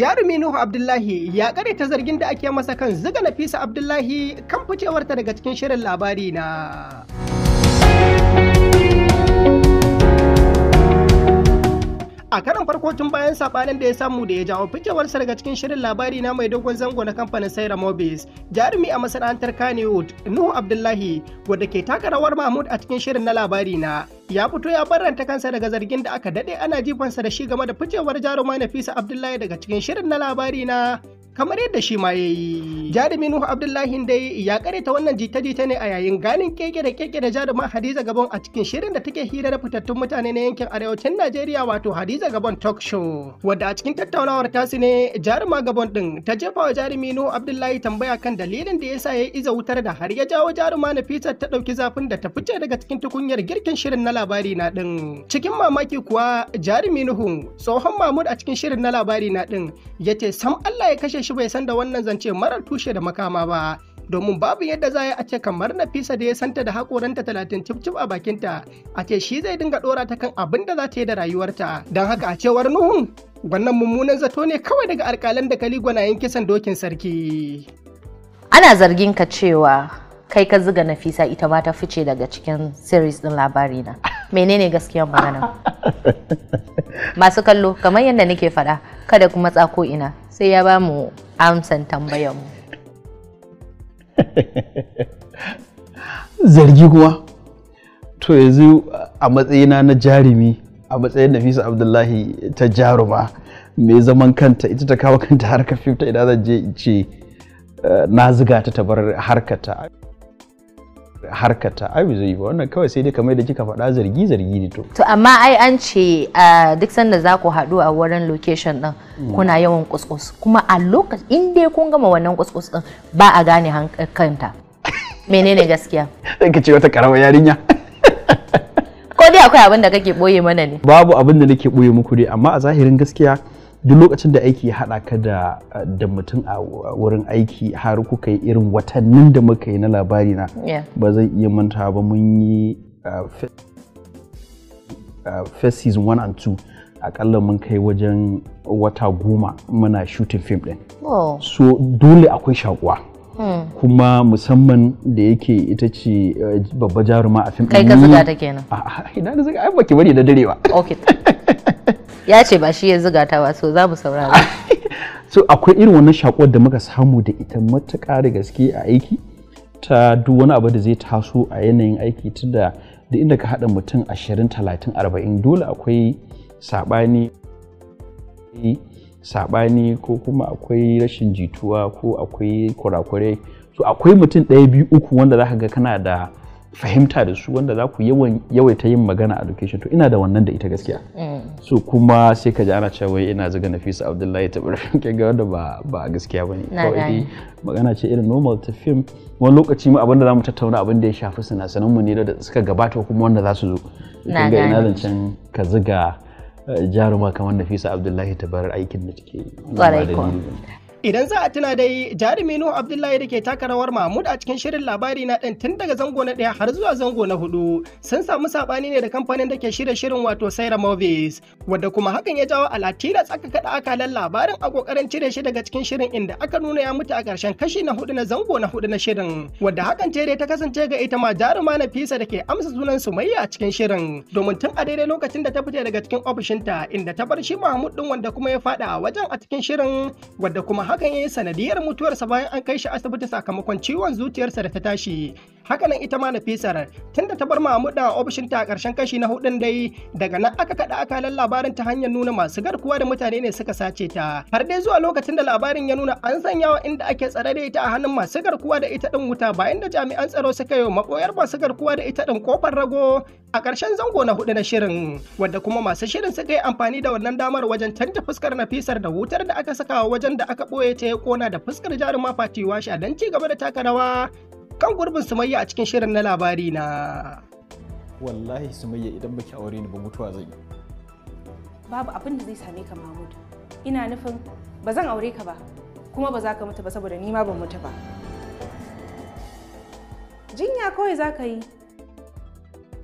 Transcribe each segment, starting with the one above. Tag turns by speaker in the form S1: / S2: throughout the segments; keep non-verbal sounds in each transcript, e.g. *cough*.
S1: jarumi nuhu abdullahi ya kare ta zargin da ake masa kan zuga nafisa abdullahi kan ficewarta daga cikin shirin labari na a karan farko tun bayan sabanin da ya samu da ya jawo ficewarsa daga cikin shirin labari na mai dogon zango na kamfanin saira mobis jarumi a masana'antar kanewood nuhu abdullahi wadda ke taka rawar mahmud a cikin shirin na labari na ya fito ya barranta kansa daga zargin da aka dade ana jifansa da shi game da ficewar jaruma Nafisa Abdullahi daga cikin shirin na labari na kamar yadda shi ma ya yi jarumi nuhu abdullahi dai ya ta wannan jita-jita ne a yayin ganin keke da keke da jaruman hadiza gabon a cikin shirin da take hira da fitattun mutane na yankin arewacin najeriya wato hadiza gabon talk show wadda a cikin tattaunawar tasu ne jaruma gabon din ta jefa wa jarumi nuhu abdullahi tambaya kan dalilin da ya sa ya iza wutar da har ya jawo jaruma na ta ɗauki zafin da ta fice daga cikin tukunyar girkin shirin na labari na din cikin mamaki kuwa jarumi nuhu tsohon mahmud a cikin shirin na labari na din ya ce sam allah ya kashe shi bai san da wannan zance marar tushe da makama ba domin babu yadda za a ce kamar Nafisa da ya santa da hakoranta talatin cif a bakinta a ce shi zai dinga ɗora ta kan abin da za ta yi da rayuwarta don haka a cewar nuhun wannan mummunan zato ne kawai daga alƙalan da kali gwanayen kisan dokin sarki.
S2: Ana zargin ka cewa kai ka ziga Nafisa ita ma ta fice daga cikin series din labari na. *laughs* Menene gaskiyar magana? Masu kallo kamar yadda nake faɗa kada kuma tsako ina sai ya ba mu amsan tambayar mu
S3: zargi kuma to yanzu a matsayina na jarumi a matsayin nafisa abdullahi ta jaruma mai zaman kanta ita ta kawo kanta harkar fifta idan zan je ce eh, na ziga ta ta bar harkata harkata ai zai yi ba wannan kawai sai dai kamar da kika faɗa zargi zargi ne to
S2: to amma ai an ce duk sanda za ku haɗu a wurin location din mm. kuna yawan kuskus kuma a lokacin in dai kun gama wannan kuskus din ba a gane kanta menene gaskiya
S3: *laughs* sai ka ce wata karamar yarinya
S2: ko dai akwai abin da kake boye mana ne
S3: babu abin da nake boye muku dai amma a zahirin gaskiya duk lokacin da aiki ya haɗa ka da da mutum a wurin aiki har kuka yi irin watannin da muka yi na labari na ba zan iya manta ba mun yi first season one and two akalla mun kai wajen wata goma muna shooting film din oh. so dole akwai shakuwa hmm. kuma musamman da yake ita ce eh, babba jaruma a fim ɗin kai ka zuga ta kenan ina da zuga ai baki bari da dare ba *laughs*
S2: ya ce ba shi ya zuga ta ba so za mu saurara
S3: *laughs* so akwai irin wannan shakuwar da muka samu da ita matuƙa da gaske a aiki ta duk wani abu da zai taso a yanayin aiki tunda da inda ka haɗa mutum ashirin talatin arba'in dole akwai saɓani saɓani ko kuma akwai rashin jituwa ko akwai kurakurai so akwai mutum ɗaya biyu uku wanda za ka ga kana da fahimta da su wanda za ku yawan yawaita yin magana a location to ina da wannan da ita gaskiya mm. so kuma sai ka ji ana cewa ina na Nafisa Abdullahi ta barin *laughs* kyanga wanda ba ba gaskiya ne kawai magana ce irin normal ta fim wani lokaci mu abinda mu tattauna abin da ya shafi sanasanan mu ne da suka gabata kuma wanda za su zo
S1: kin ina zancen
S3: ka ziga eh, jaruma kamar Nafisa Abdullahi ta bar aikin da take yi
S1: Idan za a tuna dai jarumi Nuhu Abdullahi da ke taka rawar Mahmud a cikin shirin labari na ɗan tun daga zango na ɗaya har zuwa zango na hudu sun samu saɓani ne da kamfanin da ke shirya shirin wato Saira Movies wadda kuma hakan ya jawo alatira tsaka kaɗa akalan labarin a kokarin cire shi daga cikin shirin inda aka nuna ya mutu a ƙarshen kashi na hudu na zango na hudu na shirin wadda hakan ce dai ta kasance ga ita ma jaruma na fisa da ke amsa sunan Sumayya a cikin shirin domin tun a daidai lokacin da ta fita daga cikin ofishinta inda ta bar shi Mahmud ɗin wanda kuma ya faɗa wajen a cikin shirin wadda kuma hakan ya yi sanadiyar mutuwarsa bayan an kai shi asibiti sakamakon ciwon zuciyarsa da ta tashi hakanan ita ma nafisar tunda ta bar mahmud a ofishinta a karshen kashi na hudun dai daga nan aka kada akalan labarin ta hanyar nuna masu garkuwa da mutane ne suka sace ta har dai zuwa lokacin da labarin ya nuna an sanya wa inda ake tsare da ita a hannun masu garkuwa da ita din wuta bayan da jami'an tsaro suka yi maboyar masu garkuwa da ita din kofar rago A ƙarshen zango na hudu na shirin, wadda kuma masu shirin suka yi amfani da wannan damar wajen canta fuskar Nafisar da wutar da aka sakawa wajen da aka ɓoye ta ya kona da fuskar jaruma Fatiwa shi don ci gaba da taka rawa kan gurbin Sumayya a cikin shirin na labari na. Wallahi Sumayya idan baki aure ni ba mutuwa zan yi.
S2: Babu abin da zai same ka Mahmud. Ina nufin ba zan aure ka ba kuma ba za ka mutu ba saboda ni ma ban mutu ba. Jinya kawai za ka yi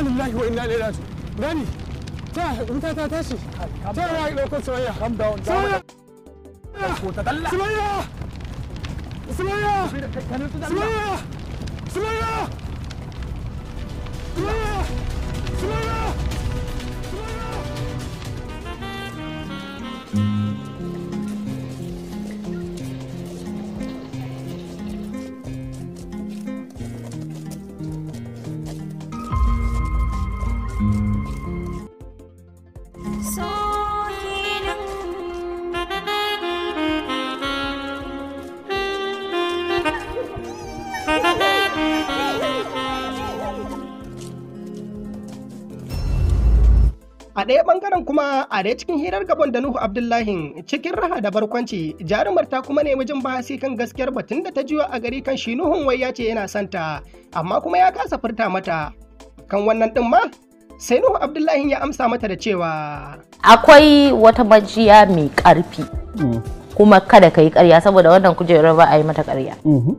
S1: inna lillahi wa inna ilaihi raji'un gani ta wuta ta tashi ta calm down A ɗaya ɓangaren kuma a ɗaya cikin hirar gabon da Nuhu Abdullahi cikin raha da barkwanci jarumar ta kuma nemi jin bahasi kan gaskiyar batun da ta jiyo a gari kan shi Nuhun wai ya ce yana santa amma kuma ya kasa furta mata. Kan wannan ɗin ma sai Nuhu Abdullahi ya amsa mata da cewa. Akwai
S2: wata majiya mai ƙarfi mm. kuma kada ka yi ƙarya saboda wannan kujerar ba a yi mata ƙarya. Mm-hmm.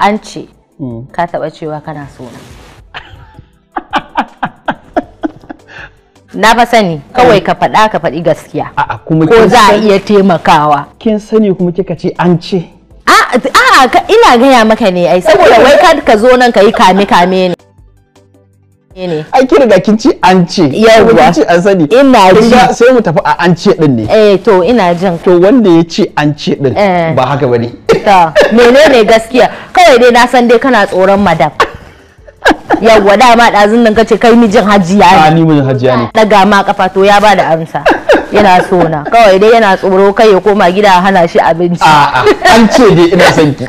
S2: An ce mm. ka taɓa cewa kana sona. na fa sani kawai eh. ka faɗa ka faɗi gaskiya ko za a iya taimakawa kin sani kuma kika ce an ce ah, a'a ina gaya maka ne ai saboda wai ka ka zo nan ka yi kame kame
S3: ne ne ai ki riga kin ci an ce yawwa ci an sani ina ji sai mu tafi a an ce din ne
S2: eh to ina jin to wanda ya ce an ce din eh. ba haka bane to menene gaskiya kawai dai na san dai kana tsoron madam yawwa dama ɗazun nan kace kai mijin hajiya ne ah, ni
S3: mijin hajiya ne
S2: daga ma kafa to ya bada amsa yana so na kawai dai yana tsoro kai ya koma gida hana shi abinci a'a an ce dai ina son ki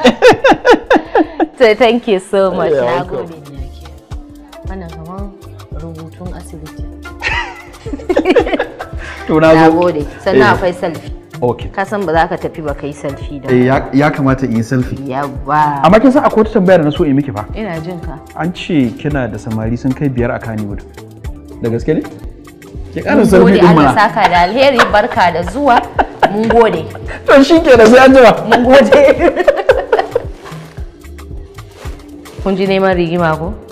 S2: so *laughs* thank you so much na gode wannan kaman rubutun asibiti *laughs* to na gode sannan eh. akwai selfie Okay. Ka san ba za ka tafi ba kai selfie da. Eh ya
S3: kamata in yi selfie.
S2: Yawa.
S3: Amma kin san akwai wata tambaya da na so in miki fa.
S2: Ina jin ka.
S3: An ce kina da samari sun kai biyar a Kannywood. Da gaske ne? Ki ƙara selfie din mana. Mun gode
S2: saka da alheri barka da zuwa. Mun gode. *laughs* To shi ke da sai an jima. Mun gode. *laughs* Kun ji neman rigima ko?